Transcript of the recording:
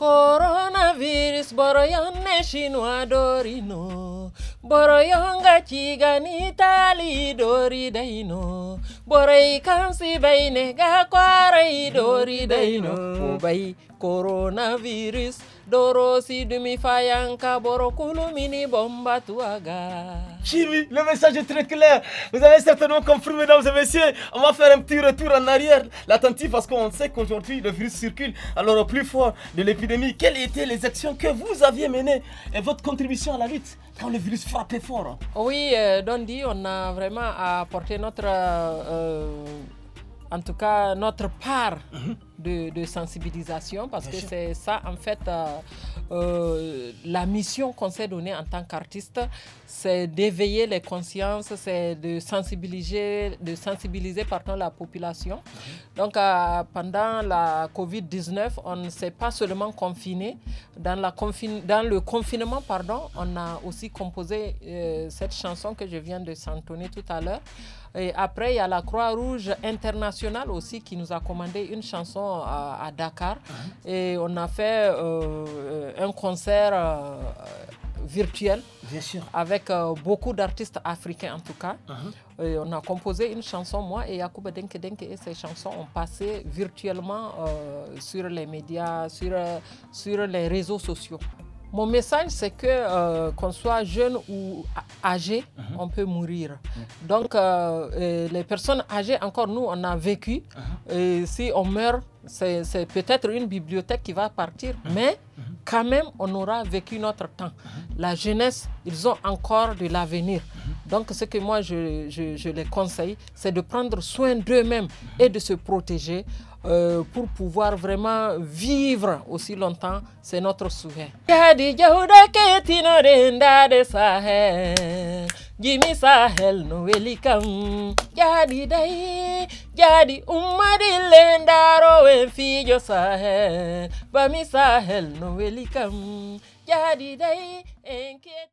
coronavirus boro yon neshin wadorino boro yonga chigani tali dori daino boro ikansi baine ga kwara dori daino bai coronavirus Dorosi Dumifayanka Borokulumini Tuaga. le message est très clair. Vous avez certainement compris, mesdames et messieurs. On va faire un petit retour en arrière, l'attentif, parce qu'on sait qu'aujourd'hui, le virus circule. Alors, au plus fort de l'épidémie, quelles étaient les actions que vous aviez menées et votre contribution à la lutte quand le virus frappait fort Oui, euh, Dondi, on a vraiment apporté notre. Euh, euh, en tout cas, notre part. Mhm de, sensibilisation parce que c'est ça en fait euh, euh, la mission qu'on s'est donnée en tant qu'artiste, c'est d'éveiller les consciences, c'est de sensibiliser, de sensibiliser pardon, la population. Mhm. Donc euh, pendant la Covid-19, on ne s'est pas seulement confiné, dans, la dans le confinement, pardon, on a aussi composé cette chanson que je viens de s'entonner tout à l'heure. Et après, il y a la Croix-Rouge internationale aussi qui nous a commandé une chanson à, Dakar et on a fait euh, euh, un concert euh, virtuel avec beaucoup d'artistes africains en tout cas. Uh-huh. on a composé une chanson, moi et Yakouba Denke et ces chansons ont passé virtuellement sur les médias, sur, sur les réseaux sociaux. Mon message, c'est que euh, qu'on soit jeune ou âgé, mhm. on peut mourir. Mhm. Donc, euh, les personnes âgées, encore nous, on a vécu. Mhm. Et si on meurt, c'est peut-être une bibliothèque qui va partir, mais quand même, on aura vécu notre temps. La jeunesse, ils ont encore de l'avenir. Donc, ce que moi, je, je, je les conseille, c'est de prendre soin d'eux-mêmes et de se protéger euh, pour pouvoir vraiment vivre aussi longtemps. C'est notre souhait. jimi sahel no weli kam jaadi dayi jaadi ummadi lendaro en Fijo sahel bami sahel no weli kam jaadi en